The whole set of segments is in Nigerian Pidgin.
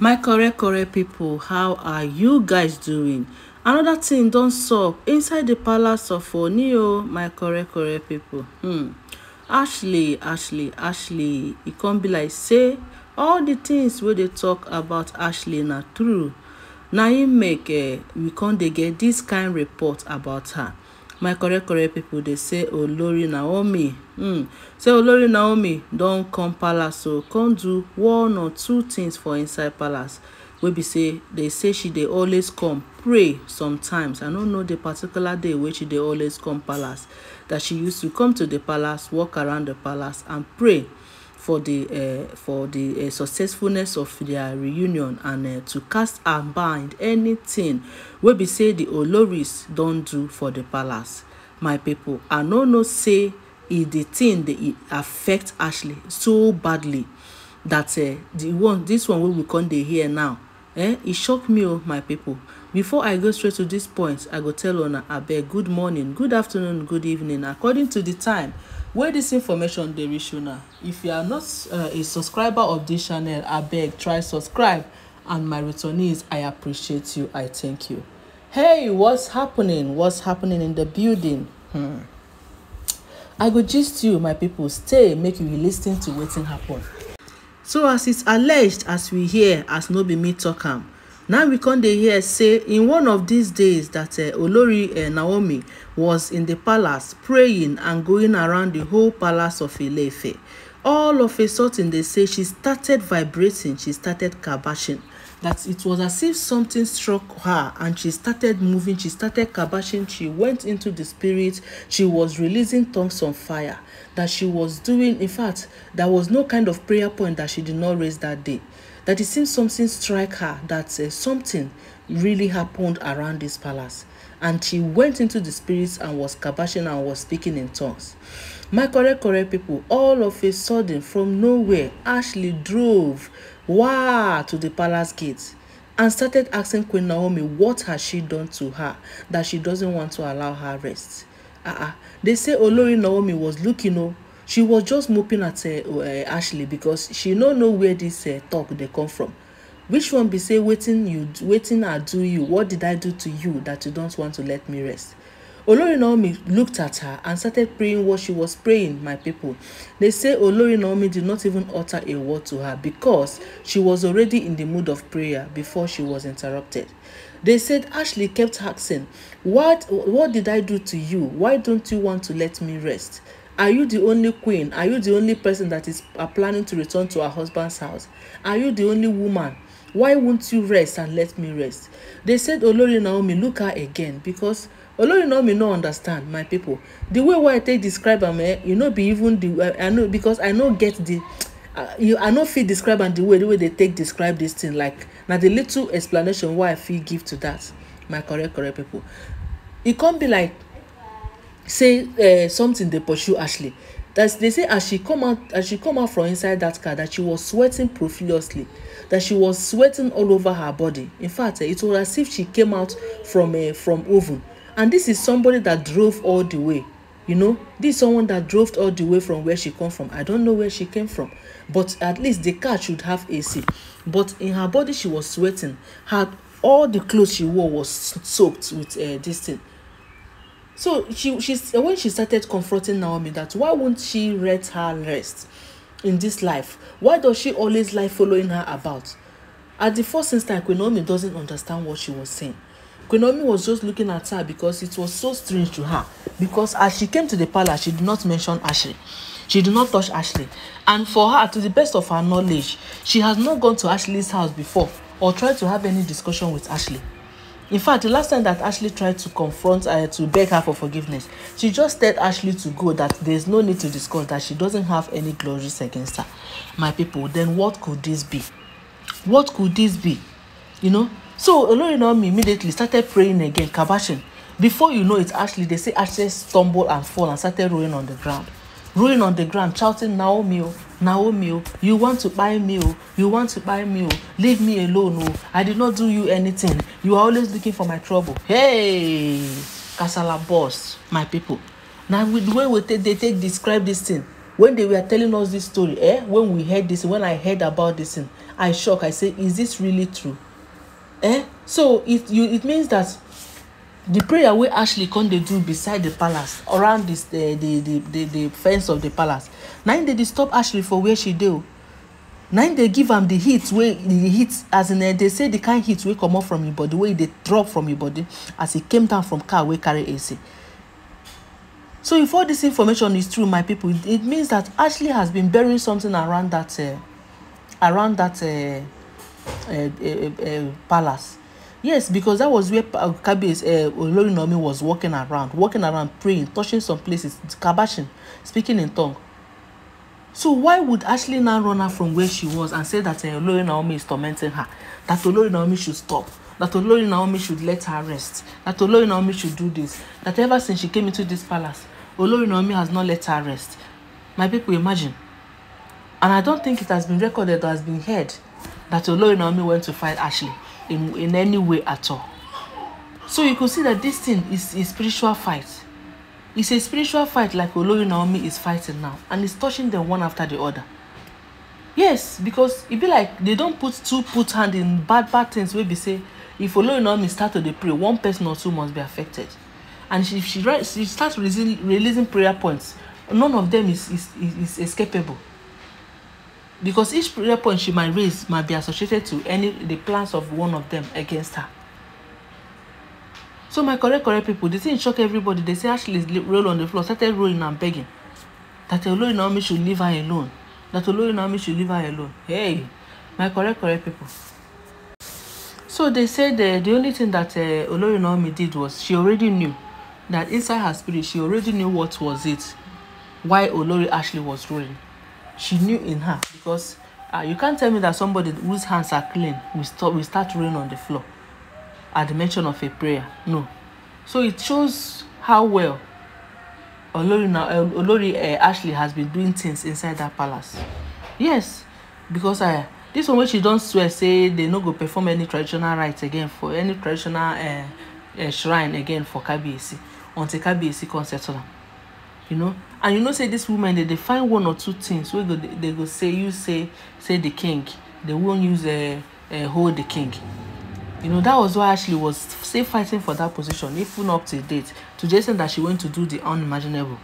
my correct correct people how are you guys doing another thing don sup inside the palace of Ooni o my correct correct people hmm. ashley ashley ashley e come be like say all the things wey dey talk about ashley na true na im make uh, we come dey get this kind report about her my correct correct people dey say olori naomi hmm, say olori naomi don come palace o come do one or two things for inside palace wey be say they say she dey always come pray sometimes i no know the particular day wey she dey always come palace that she used to come to the palace walk around the palace and pray for the uh, for the uh, successfulness of their reunion and uh, to cast and bind anything wey be say the oloris don do for the palace my people i no know say e the thing dey e affect ashley so badly that uh, the one this one wey we come dey hear now eh e shock me o oh, my people before i go straight to this point i go tell una abeg good morning good afternoon good evening according to the time where dis information dey reach una if you are not uh, a subscriber of dis channel abeg try subscribe and my returnees i appreciate you i thank you hey what's happening what's happening in the building hmm. i go gist you my people stay make you lis ten to wetin happen so as it's alleged as we hear as no be me talk am now we come dey hear say in one of these days that uh, olori uh, naomi was in the palace praying and going around the whole palace of ilefe all of a sudden they say she started vibrating she started kabashing that it was as if something struck her and she started moving she started kabashing she went into the spirit she was releasing tongues on fire that she was doing in fact there was no kind of prayer point that she did not raise that day that it seems something strike her that uh, something really happened around this palace and she went into the spirits and was kabashing and was speaking in tongues my correct correct people all of a sudden from nowhere ashley drove wah to the palace gate and started asking queen naomi what has she done to her that she doesn't want to allow her rest uh -uh. they say olori naomi was looking o. Oh, you know, she was just moping at uh, uh, ashley because she no know where this uh, talk dey come from which one be say wetin you wetin i do you what did i do to you that you don't want to let me rest olori looked at her and started praying what she was praying my people they say olori did not even utter a word to her because she was already in the mood of prayer before she was interrupted they said ashley kept asking what what did i do to you why don't you want to let me rest Are you the only queen? Are you the only person that is uh, planning to return to her husband's house? Are you the only woman? Why won't you rest and let me rest? They said, Olori Naomi, look her again because Olori Naomi no understand my people. The way why I take describe am eh, you no be even the uh, I know because I no get the uh, you I no fit describe am the way the way they take describe this thing like na the little explanation why I fit give to that my correct correct people. E come be like say eh, something dey pursue ashley they say as she come out as she come out from inside that car that she was sweating profusely that she was sweating all over her body in fact eh, it was as if she came out from eh, from oven and this is somebody that drove all the way you know This someone that drove all the way from where she come from i don't know where she came from but at least the car should have ac but in her body she was sweating her all the clothes she wore was soaked with this thing So she she's when she started confronting Naomi that why won't she let her rest in this life? Why does she always like following her about? At the first instant, Queen Naomi doesn't understand what she was saying. Queen Naomi was just looking at her because it was so strange to her. Because as she came to the palace, she did not mention Ashley. She did not touch Ashley. And for her, to the best of her knowledge, she has not gone to Ashley's house before or tried to have any discussion with Ashley in fact the last time that ashley tried to confront uh, to beg her for forgiveness she just said ashley to go that there's no need to discuss that she doesn't have any glories against her my people then what could this be what could this be you know so olorinomi immediately started praying again kabashin before you know it ashley they say ashley stumble and fall and started rolling on the ground rolling on the ground shouting naomi o naomi o you want to kpai me o you want to kpai me o leave me alone o i did not do you anything you are always looking for my trouble hey kasala burst my people na with the way we take dey take describe this thing when they were telling us this story eh when we heard this when i heard about this thing i shock i say is this really true eh so it you it means that the prayer wey ashley come dey do beside the palace around this, uh, the, the the the fence of the palace na im dey disturb ashley for where she dey o na im dey give am the heat wey the heat as in uh, dey say the kind heat wey comot from him, body wey e dey drop from him, body as he came down from car wey carry ac so if all this information is true my people it, means that ashley has been burying something around that uh, around that uh, uh, uh, uh, palace Yes, because that was where uh, Kabi's uh, Olori Naomi was walking around, walking around, praying, touching some places, kabashing, speaking in tongue. So why would Ashley now run out from where she was and say that uh, Olori Naomi is tormenting her? That Olori Naomi should stop. That Olori Naomi should let her rest. That Olori Naomi should do this. That ever since she came into this palace, Olori Naomi has not let her rest. My people, imagine. And I don't think it has been recorded or has been heard that Olori Naomi went to fight Ashley. in, in any way at all. So you can see that this thing is a spiritual fight. It's a spiritual fight like Oloyu Naomi is fighting now, and it's touching them one after the other. Yes, because it be like they don't put two put hand in bad bad things wey be say if Oloyu Naomi start to pray, one person or two must be affected. And if she, she starts releasing, releasing prayer points, none of them is, is, is escapable. because each prayer point she might raise might be associated to any the plans of one of them against her. So my correct correct people, did thing shock everybody. They say Ashley roll on the floor, started rolling and begging that Olori Naomi should leave her alone. That Olori Naomi should leave her alone. Hey, my correct correct people. So they said uh, the only thing that uh, Olori Naomi did was she already knew that inside her spirit she already knew what was it, why Olori Ashley was rolling. she knew in her because uh, you can't tell me that somebody whose hands are clean will stop will start rain on the floor at the mention of a prayer no so it shows how well olori na eh, olori uh, ashley has been doing things inside that palace yes because uh, this one wey she don swear say they no go perform any traditional rites again for any traditional uh, uh, shrine again for kabiyesi until kabiyesi come settle am you know and you know say this woman, dey dey find one or two things. wey dey go say you say say the king dey wan use uh uh hold the king you know that was why ashley was still fighting for that position even up to date to the extent that she went to do the unimaginable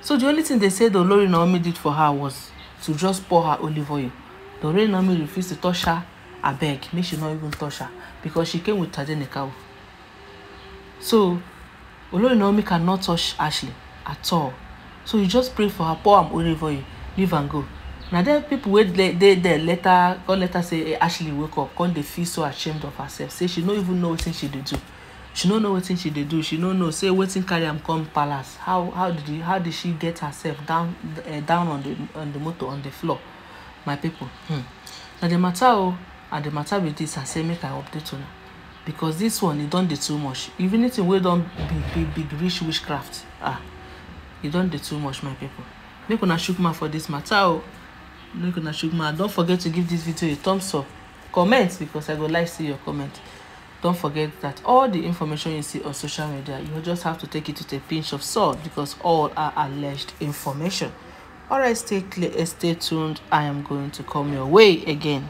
so the only tin dey say olori naomi did for her was to just pour her olive oil The olori naomi refused to touch her abeg make she no even touch her because she came with tadenikawo so olori naomi cannot touch ashley at all so you just pray for her pour am oil for you leave am go na then, people wey dey there later come later say hey, eh, ashley wake up come dey feel so ashamed of herself say she no even know wetin she dey do she no know wetin she dey do she no know say wetin carry am come palace how how did he, how did she get herself down uh, down on the on the motor on the floor my people hmm. na the matter o and the matter be this i say make i update una because this one e don dey too much if anything wey don be big big reach witchcraft ah You don't do too much my people. make una chook mouth for this matter o oh. make una chook mouth Don't forget to give this video a thumbs up comment because i go like see your comment Don't forget that all the information you see on social media you just have to take it with a pinch of salt because all are alleged information alright stay clear stay tuned i am going to come your way again